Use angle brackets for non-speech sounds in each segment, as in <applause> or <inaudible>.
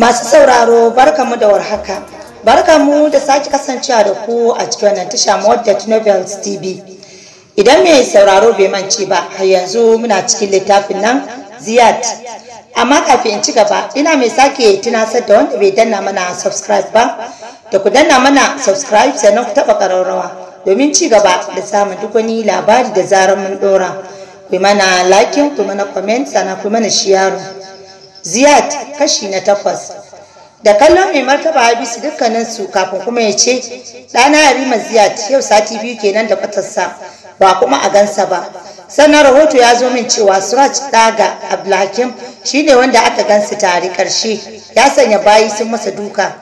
Masu sauraro barkamu da warhaka. Barkamu da sake kasancewa da ku a cikin wannan tasha Modern Novels TV. Idan mai sauraro bai mance ba, har yanzu muna cikin littafin nan Ziyad. Amma kafin in ci gaba, ina mai sake tunasar da wanda bai danna mana subscribe ba, da ku danna mana subscribe sannan ku taɓa ƙararrawa domin ci gaba da samun duk wani labari da zarar mun ɗora. Ku mana lakin, ku mana comment, sannan ku mana share ziyad kashi na takwas da kallon mai martaba ya habisu dukkaninsu kafin kuma ya ce ɗana yarima ziyad yau sati biyu kenan da fatarsa ba kuma a gansa ba sannan rahoto ya zo min cewa suraj daga abdulhakim shine wanda aka gansu tare karshe ya sanya bayi sun masa duka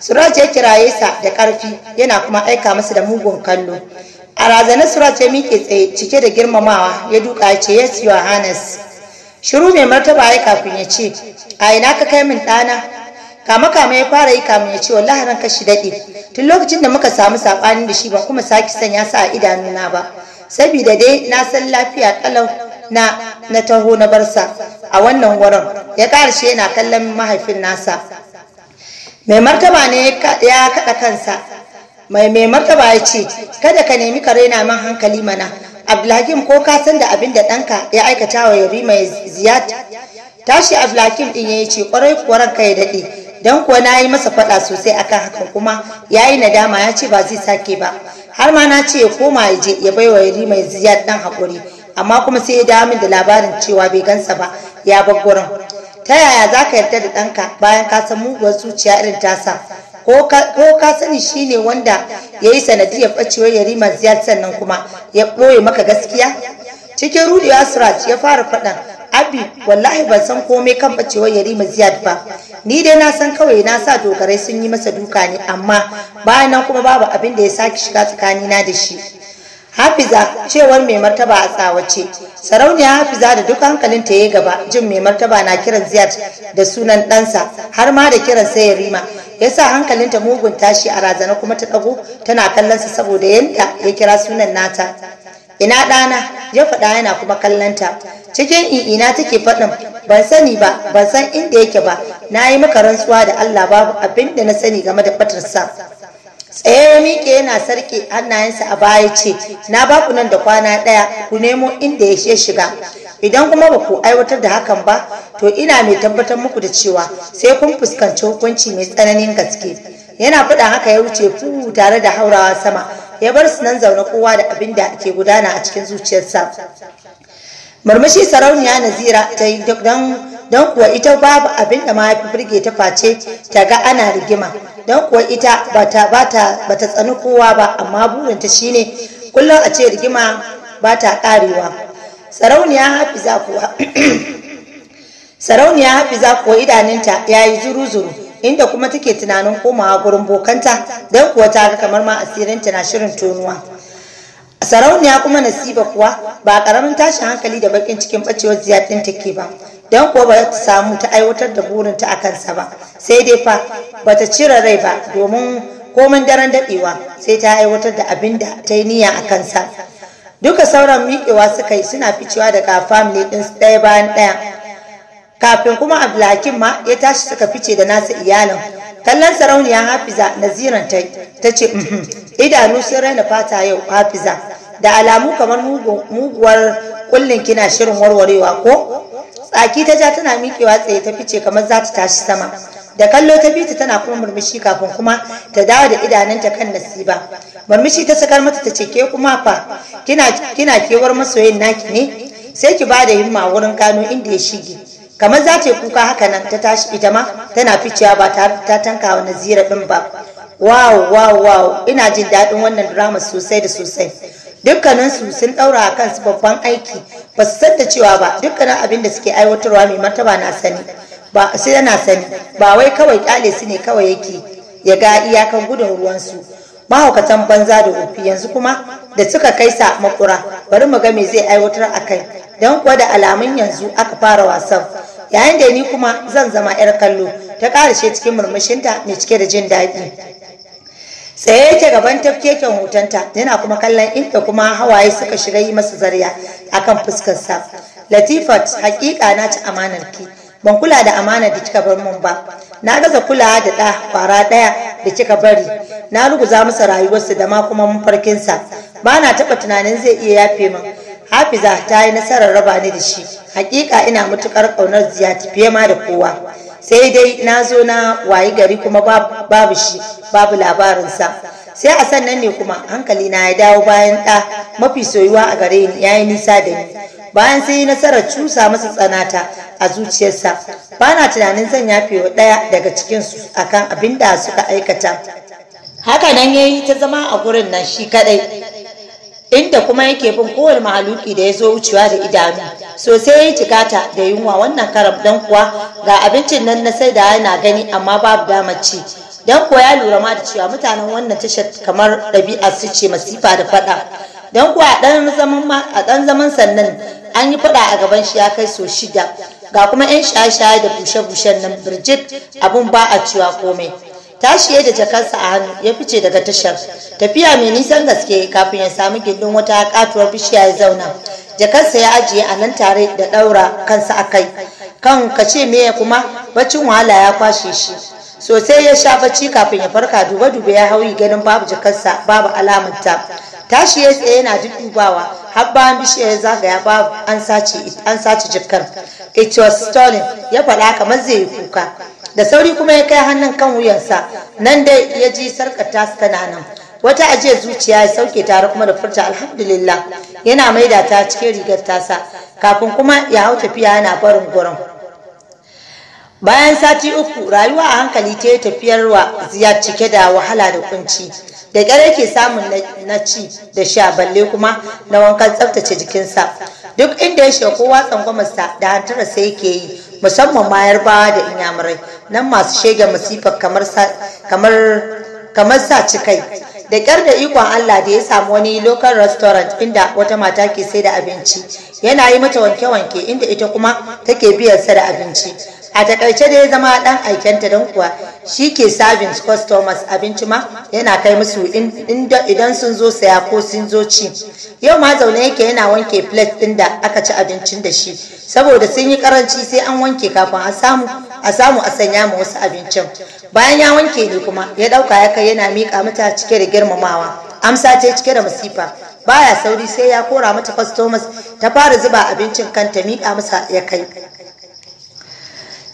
suraj ya kiraye sa da karfi yana kuma aika masa da mugun kallo a razanar suraj ya miƙe tsaye cike da girmamawa ya duka ya ce yes your shiru mai martaba ya kafin ya ce a ina ka kai min ɗana kama kama ya fara yi kamun ya ce wallahi ran kashi daɗe tun lokacin da muka samu saɓanin da shi ba kuma saki sanya sa a idanuna ba saboda dai na san lafiya ƙalau na na taho na barsa a wannan wurin ya ƙarshe yana kallon mahaifin nasa mai martaba ne ya kaɗa kansa mai mai martaba ya ce kada ka nemi ka raina min hankali mana Abdulhakim ko ka san da abin da ɗanka ya aikata wa yabi mai ziyad tashi Abdulhakim ya yayi ce ƙwarai kuwa ranka ya daɗe, dan kuwa na yi masa faɗa sosai akan hakan kuma ya yi nadama ya ce ba zai sake ba har ma na ce ya koma ya je ya baiwa yari mai ziyad ɗan haƙuri, amma kuma sai ya dawo min da labarin cewa bai gansa ba ya bar gurin ta yaya za ka yarda da ɗanka bayan ka san muguwar zuciya irin tasa ko ka sani shi ne wanda ya yi sanadiyar ɓacewar yarima ziyar sannan kuma ya ɓoye maka gaskiya cikin rudewa suraj ya fara faɗan abi wallahi ban san komai kan ɓacewar yarima ziyad ba ni dai na san kawai na sa dogarai sun yi masa duka ne amma bayan nan kuma babu abin da ya sake shiga tsakanina da shi Hafiza cewar mai martaba a tsawace. Sarauniya Hafiza da duk hankalin ta yi gaba jin mai martaba na kiran Ziyad da sunan ɗansa har ma da kiran sai Rima. Yasa ta mugun tashi a razana kuma ta ɗago tana kallon sa saboda yanda ya kira sunan nata. Ina ɗana ya faɗa yana kuma kallon ta Cikin i'ina take faɗin ban sani ba ban san inda yake ba na yi maka rantsuwa da Allah babu abin da na sani game da fatarsa. tsaye ya miƙe yana sarƙe hannayensa a baya ce na ba ku nan da kwana ɗaya ku nemo inda ya shiga idan kuma ba ku aiwatar da hakan ba to ina mai tabbatar muku da cewa sai kun fuskanci hukunci mai tsananin gaske yana faɗa haka ya wuce fu tare da haurawa sama ya bar su nan zaune kowa da abin da ke gudana a cikin zuciyarsa murmushi sarauniya nazira ta yi don don kuwa ita babu abin da mahaifin birge ta face ta ga ana rigima don kuwa ita bata bata bata tsani kowa ba amma burin burinta shine kullum a ce rigima ba ta karewa sarauniya hafiza kuwa <clears throat> sarauniya hafiza kuwa idaninta yayi zuru zuru inda kuma take tunanin komawa gurin bokanta don kuwa ta ga kamar ma asirinta na shirin tonuwa sarauniya kuma nasiba kuwa ba karamin tashin hankali da bakin cikin bacewar ziyar ɗin take ba don kuwa ba ta samu ta aiwatar da burinta a kansa ba sai dai fa ba ta cire rai ba domin komin daren daɗewa sai ta aiwatar da abin da ta yi niyya a kansa duka sauran miƙewa suka yi suna ficewa daga family ɗin ɗaya bayan ɗaya kafin kuma abdulhakim ma ya tashi suka fice da nasa iyalin kallon sarauniya hafiza naziran ta ta ce uhm, idanu sun raina fata yau hafiza da alamu kamar muguwar kullin kina shirin warwarewa ko tsaki ta ja tana miƙewa tsaye ta fice kamar za ta tashi sama da kallo ta bita tana kuma murmushi kafin kuma ta dawo da idanunta kan nasiba murmushi ta sakar mata ta ce ke kuma fa kina kewar masoyin naki ne sai ki ba da himma wurin gano inda ya shige kamar za ta yi kuka haka nan ta tashi ita ma tana ficewa ba ta tanka wa nazira din ba wow wow wow ina jin daɗin wannan drama sosai da sosai dukkaninsu sun ɗaura a kansu babban aiki ba su san da cewa ba dukkanin abin da suke aiwatarwa mai martaba na sani ba su yana sani ba wai kawai kyale su ne kawai yake ya ga iyakan gudun ruwansu mahaukatan banza da ofi yanzu kuma da suka kai sa makura bari mu ga me zai aiwatar a kai don kuwa da alamun yanzu aka fara wasan yayin da ni kuma zan zama 'yar kallo ta karshe cikin murmushinta mai cike da jin daɗi tsaye yake gaban tafkeken hotonta yana kuma kallon inda kuma hawaye suka shiga yi masa zarya akan fuskarsa latifat hakika na ci amanar ki ban kula da amanar da kika bar mun ba na gaza kula da ɗa fara ɗaya da kika bari na ruguza masa rayuwarsa da ma kuma sa ba na taɓa tunanin zai iya yafe min hafiza ta yi nasarar raba ni da shi hakika ina matuƙar ƙaunar ziyarci fiye ma da kowa sai dai na zo na wayi gari kuma babu shi babu labarinsa sai a sannan ne kuma hankali na ya dawo bayan ɗa mafi soyuwa a gare ni ya yi nisa da ni bayan sai nasarar cusa masa tsanata a zuciyarsa ba na tunanin zan yafe wa ɗaya daga cikinsu akan abin da suka aikata haka nan ya yi ta zama a gurin nan shi kaɗai inda kuma yake bin kowane mahaluki da ya zo wucewa da idanu sosai ya ta da yunwa wannan karam dan kuwa ga abincin nan na sai da yana gani amma babu damar ci dan kuwa ya lura ma da cewa mutanen wannan tashar kamar ɗabi'a su ce masifa da faɗa dan kuwa a ɗan zaman sannan an yi faɗa a gaban shi ya kai so shida ga kuma 'yan shaye-shaye da bushe-bushen nan birjit abin ba a cewa komai tashi da jakarsa a hannu ya fice daga tashar tafiya mai nisan gaske kafin ya samu gindin wata katuwar bishiya ya zauna jakarsa ya ajiye a nan tare da ɗaura kansa a kai kan kace me kuma baccin wahala ya kwashe shi sosai ya sha bacci kafin ya farka duba dube ya hauyi ganin babu jakarsa babu alamanta tashi ya tsaye yana dubawa har bayan bishiyar ya zagaya babu an sace an jakar it was stolen ya faɗa kamar zai yi kuka da sauri kuma ya kai hannun kan wuyansa nan dai ya ji sarkata tasu tana nan wata ajiyar zuciya ya sauke tare kuma da furta alhamdulillah yana maida ta cikin rigar tasa kafin kuma ya hau tafiya yana barin gurin bayan sati uku rayuwa a hankali ta yi tafiyar wa ziyar cike da wahala da kunci da ƙyar yake samun na ci da sha balle kuma na wankan tsaftace jikinsa duk inda ya shiga kowa tsangwamarsa da hantarar sai yake yi musamman ma yarbawa da inyamurai nan masu shege masifar kamar sa cikai da kyar da ikon Allah da ya samu wani local restaurant inda wata mata ke sai da abinci yana yi mata wanke-wanke inda ita kuma take biyar sa da abinci a takaice da ya zama dan aikenta don kuwa shi ke sabin customers abinci ma yana kai musu idan sun zo saya ko sun zo ci yau ma zaune yake yana wanke plate din da aka ci abincin da shi saboda sun yi karanci sai an wanke kafin a samu a samu a sanya ma wasu abincin bayan ya wanke ne kuma ya dauka ya kai yana mika mata cike da girmamawa amsa ce cike da masifa baya sauri sai ya kora mata customers ta fara zuba abincin kanta mika masa ya kai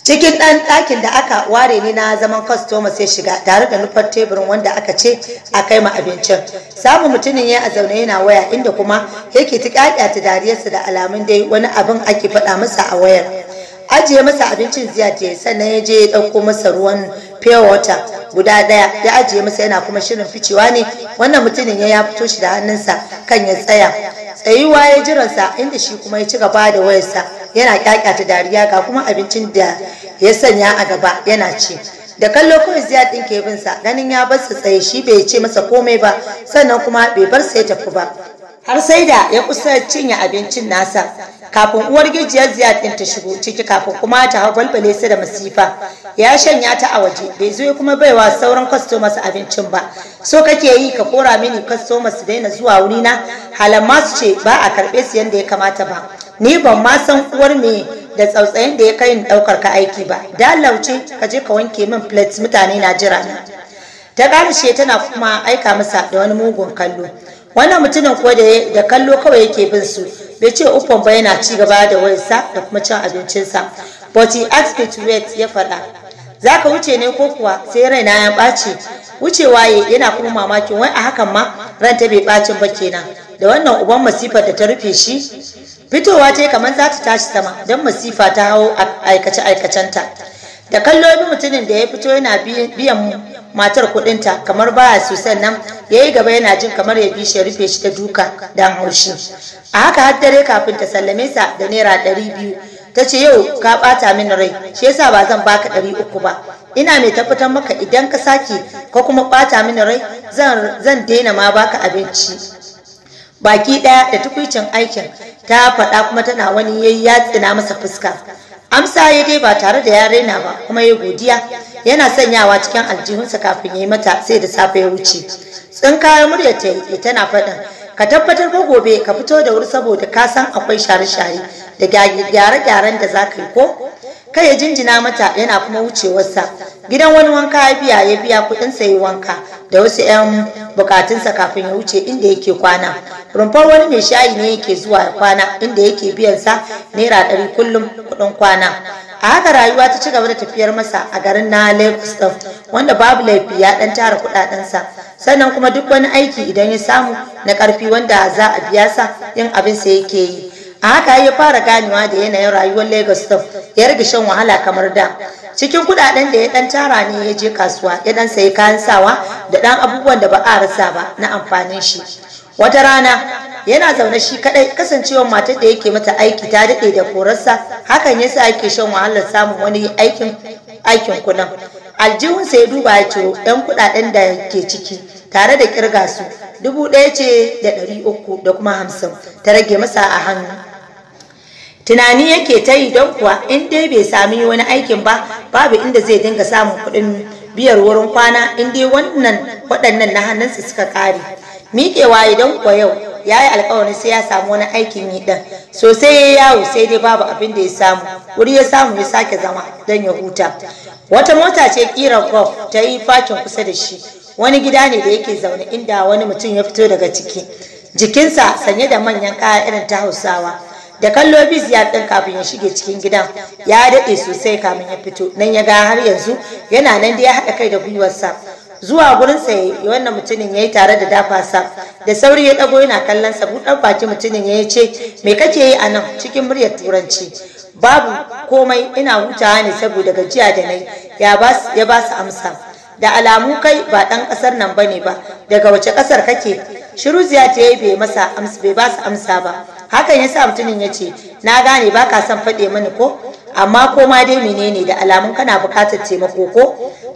cikin ɗan ɗakin da aka ware ni na zaman kwastoma sai shiga tare da nufar teburin wanda aka ce a kai ma abincin samun mutumin ya a zaune yana waya inda kuma yake ta ƙyaƙya ta dariyarsa da alamun dai wani abin ake faɗa masa a wayar ajiye masa abincin ziyarta sannan ya je ya ɗauko masa ruwan pure water guda ɗaya ya ajiye masa yana kuma shirin ficewa ne wannan mutumin ya fito shi da hannunsa kan ya tsaya tsayuwa ya jiransa inda shi kuma ya ci gaba da wayarsa yana kyakyata dariya ga kuma abincin da ya sanya a gaba yana ci da kallo kawai ziyar ɗin ke bin sa ganin ya bar sa tsaye shi bai ce masa komai ba sannan kuma bai bar sa ya tafi ba har sai da ya kusa cinye abincin nasa kafin uwar gijiyar ziyar ɗin ta shigo ciki kafin kuma ta hau balbale su da masifa ya shanya ta a waje bai zo ya kuma baiwa sauran customers abincin ba so kake yi ka kora mini customers daina zuwa wurina halan su ce ba a karɓe su yadda ya kamata ba ni ban ma san uwar me da tsautsayin da ya kai ni ɗaukar ka aiki ba da lauce ka je ka wanke min plates mutane na jira na ta karshe tana kuma aika masa da wani mugun kallo wannan mutumin ko da kallo kawai yake bin su bai ce uffan ba yana ci gaba da wayarsa da kuma cin abincinsa but he asked to wait ya faɗa za ka wuce ne ko kuwa sai raina ya ɓaci wucewa yana kuma mamakin wai a hakan ma ran ta bai ɓacin ba kenan da wannan uban masifar da ta rufe shi fitowa ta kamar za ta tashi sama don masifa ta hau a aikace-aikacenta da kallo bi mutumin da ya fito yana biyan matar kudinta kamar baya sosai nan ya yi gaba yana jin kamar ya bi shi rufe shi ta duka don haushi a haka har dare kafin ta sallame sa da naira ɗari biyu ta ce yau ka ɓata min rai shi yasa ba zan baka ɗari uku ba ina mai tabbatar maka idan ka sake ko kuma bata min rai zan daina ma baka abinci baki ɗaya da tukwicin aikin ta faɗa kuma tana wani yayi ya tsina masa fuska amsa ya dai ba tare da ya raina ba kuma ya godiya yana sanyawa cikin aljihunsa kafin ya yi mata sai da safe ya wuce tsin kayan muryar ta yi tana faɗin ka tabbatar ba gobe ka fito da wuri saboda ka san akwai share-share da gyare-gyaren da za ka yi ko kai ya jinjina mata yana kuma wucewarsa gidan wani wanka ya biya ya biya kuɗin sayi wanka da wasu 'yan bukatunsa kafin ya wuce inda yake kwana rumfar wani mai shayi ne yake zuwa kwana inda yake biyan sa naira ɗari kullum kuɗin kwana a haka rayuwa ta ci gaba da tafiyar masa a garin na Lagos ɗin wanda babu laifi ya ɗan tara kuɗaɗensa sannan kuma duk wani aiki idan ya samu na ƙarfi wanda za a biya sa yin abin sa yake yi a haka ya fara ganewa da yanayin rayuwar lagos ta ya rage shan wahala kamar da cikin kudaden da ya dan tara ne ya je kasuwa ya dan sayi kayan sawa da dan abubuwan da ba a rasa ba na amfanin shi wata rana yana zaune shi kadai kasancewar matar da yake mata aiki ta daɗe da korarsa hakan yasa ake shan wahalar samun wani aikin aikin kunan aljihunsa ya duba ya ciro ɗan kuɗaɗen da ke ciki tare da kirga su dubu ɗaya ce da ɗari uku da kuma hamsin ta rage masa a hannu tunani yake ta yi don kuwa in dai bai sami wani aikin ba babu inda zai dinga samun kuɗin biyar wurin kwana in dai wannan waɗannan na hannunsa suka ƙare miƙewa idan kuwa yau ya yi alkawarin sai ya samu wani aikin yi ɗan sosai ya yawo sai dai babu abin da ya samu wuri ya samu ya sake zama don ya huta wata mota ce ƙirar golf ta yi fakin kusa da shi wani gida ne da yake zaune inda wani mutum ya fito daga ciki jikinsa sanye da manyan kaya irin ta hausawa da kallo ya din kafin ya shige cikin gidan ya daɗe sosai kamin ya fito nan ya ga har yanzu yana nan da ya haɗa kai da gwiwarsa zuwa gurin tsaye wannan mutumin yayi tare da dafasa da sauri ya ɗago yana kallon sa buɗar baki mutumin ya ce me kake yi anan cikin muryar turanci babu komai ina hutawa ne saboda gajiya da nai ya ba su amsa da alamu kai ba ɗan ƙasar nan bane ba daga wace ƙasar kake shiru ziya ta yi bai masa amsa bai ba su amsa ba hakan ya sa mutumin ya ce na gane ba ka son faɗe mini ko amma ko dai menene da alamun kana buƙatar taimako ko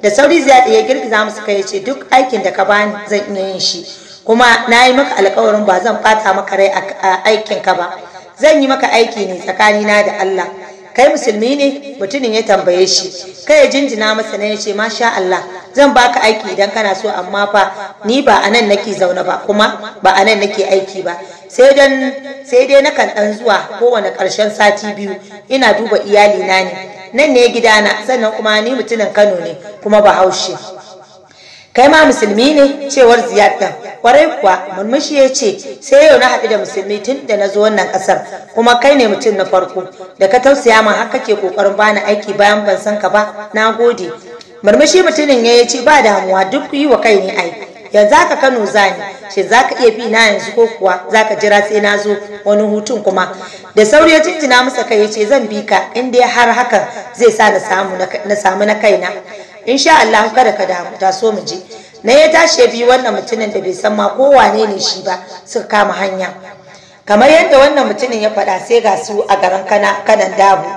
da sauri ziya ta ya girgiza musu kai ya ce duk aikin da ka bani zan iya yin shi kuma na yi maka alƙawarin ba zan ɓata maka rai a aikin ka ba zan yi maka aiki ne tsakanina da Allah kai musulmi ne mutumin ya tambaye shi kai ya jinjina masa ne ya ce masha Allah zan baka aiki idan kana so amma fa ni ba anan nake zaune ba kuma ba anan nake aiki ba sai dan sai dai na nakan dan zuwa kowane karshen sati biyu ina duba iyali na ne nan ne gidana sannan kuma ni mutumin Kano ne kuma Bahaushe kai ma musulmi ne cewar ziyad kwarai kuwa murmushi ya ce sai yau na haɗu da musulmi tun da na zo wannan ƙasar kuma kai ne mutum na farko da ka tausaya min har kake ƙoƙarin bani aiki bayan ban san ka ba na gode murmushi mutumin ya ce ba damuwa duk yi wa kai ne ai yanzu haka kano ni shi za ka iya bi na yanzu ko kuwa za ka jira sai na zo wani hutun kuma da sauri ya jinjina masa kai ya ce zan bi ka inda har haka zai sa na samu na kaina insha Allah kada ka damu taso mu je na ya tashi bi wannan mutumin da bai san ma ko wane ne shi ba suka kama hanya kamar yadda wannan mutumin ya faɗa sai ga su a garin kana kanan dabu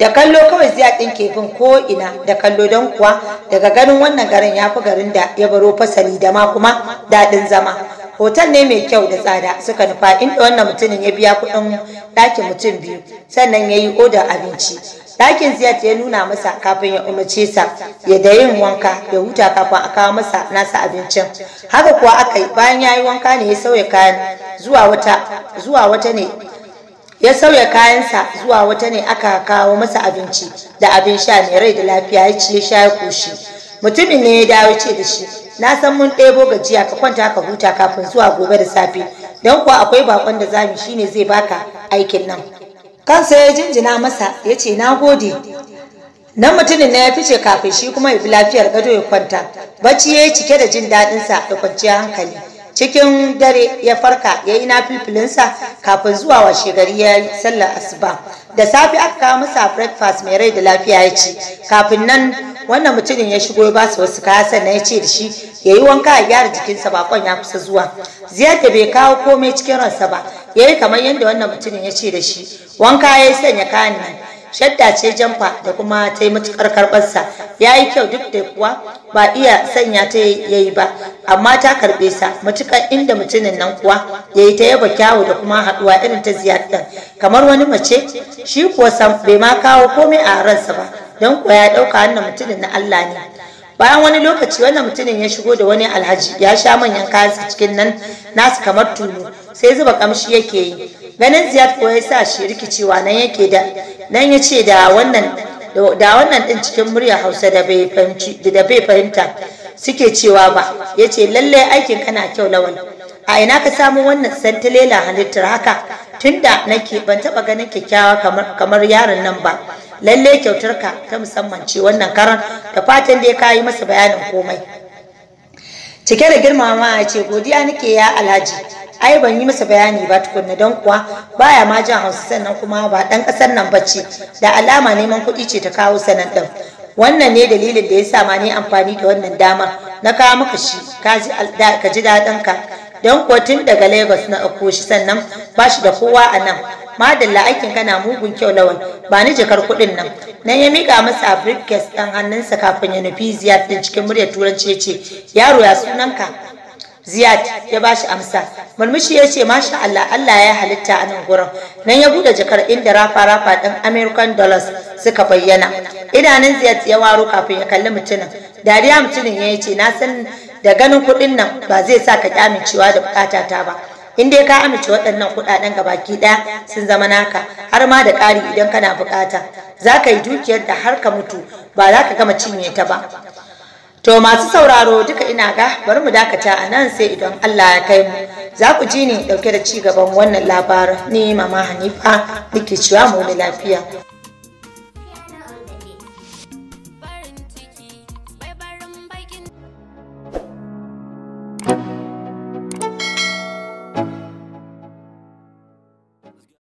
da kallo kawai zai ɗin kefin bin ko ina da kallo don kuwa daga ganin wannan garin ya fi garin da ya baro fasali da ma kuma daɗin zama hotel ne mai kyau da tsada suka nufa inda wannan mutumin ya biya kuɗin ɗakin mutum biyu sannan ya yi odar abinci Dakin ziyarta ya nuna masa kafin ya umarce sa ya da yin wanka ya huta kafin a kawo masa nasa abincin haka kuwa aka yi bayan ya yi wanka ne ya sauya kayan zuwa wata zuwa wata ne ya sauya kayansa zuwa wata ne aka kawo masa abinci da abin sha mai rai da lafiya ya ci ya sha ya koshi mutumin ne ya dawo ce da shi na san mun ɗebo gajiya ka kwanta ka huta kafin zuwa gobe da safe don kuwa akwai bakon da zamu shine zai baka aikin nan kansa ya jinjina masa ya ce na gode nan mutumin na ya fice kafin shi kuma ya fi lafiyar gado ya kwanta bacci ya yi cike da jin daɗinsa da kwanciyar hankali cikin dare ya farka ya yi nafifilinsa kafin zuwa wa gari ya yi sallar asuba da safe aka kawo masa breakfast mai rai da lafiya ya ci kafin nan wannan mutumin ya shigo ya basu wasu kaya sannan ya ce da shi ya yi wanka a gyara jikinsa bakon ya kusa zuwa Ziyarta bai kawo komai cikin ransa ba ya yi kamar yadda wannan mutumin ya ce da shi wanka ya yi sanya kayan nan shadda ce jamfa da kuma ta yi matuƙar karɓarsa ya yi kyau duk da kuwa ba iya sanya ta ya yi ba amma ta karɓe sa matuƙar inda mutumin nan kuwa ya yi ta yaba kyawu da kuma haɗuwa irin ta ziyartar kamar wani mace shi kuwa sam bai ma kawo komai a ransa ba don kuwa ya ɗauka wannan mutumin na Allah ne bayan wani lokaci wannan mutumin ya shigo da wani alhaji ya sha manyan su cikin nan nasu kamar tulu sai zuba kamshi yake yi ganin ziyad ko ya sa shi rikicewa nan yake da nan ya ce da wannan da wannan din cikin murya hausa da bai fahimci da bai fahimta suke cewa ba yace ce lallai aikin kana kyau lawal a ina ka samu wannan santilela halittar haka tunda nake ban taba ganin kyakkyawa kamar yaron nan ba lalle kyautarka ta musamman ce wannan karan da fatan da ya kayi masa bayanin komai cike da girmama ya ce godiya nake ya alhaji ai ban yi masa bayani ba tukunna don kuwa baya ma jin hausa sannan kuma ba dan kasar nan bace da alama neman kuɗi ce ta kawo sanan din wannan ne dalilin da ya sa ma ne amfani da wannan damar na kawo maka shi ka ji daɗin ka don kuwa tun daga lagos na akoshi sannan ba shi da kowa a nan madalla aikin kana mugun kyau lawan ba ni jikar kuɗin nan nan ya mika masa a briefcase ɗan hannunsa kafin ya nufi ziyad din cikin murya, turanci ya ce yaro ya sunanka ziyad ya bashi amsa murmushi ya ce masha Allah Allah ya halitta a nan gurin nan ya bude jakar inda rafa rafa ɗin American dollars suka bayyana idanun ziyad ya waro kafin ya kalli mutumin dariya mutumin ya ce na san da ganin kuɗin nan ba zai sa ka ƙyamin cewa da bukata ba in dai ka amince waɗannan kuɗaɗen gabaki ɗaya sun zama naka har ma da ƙari idan kana buƙata za ka yi dukiyar da har ka mutu ba za ka gama cinye ta ba to masu sauraro duka ina ga bari mu dakata a nan sai idan Allah ya kai mu za ku ji ni ɗauke da ci gaban wannan labarin ni mama Hanifa nake cewa mu lafiya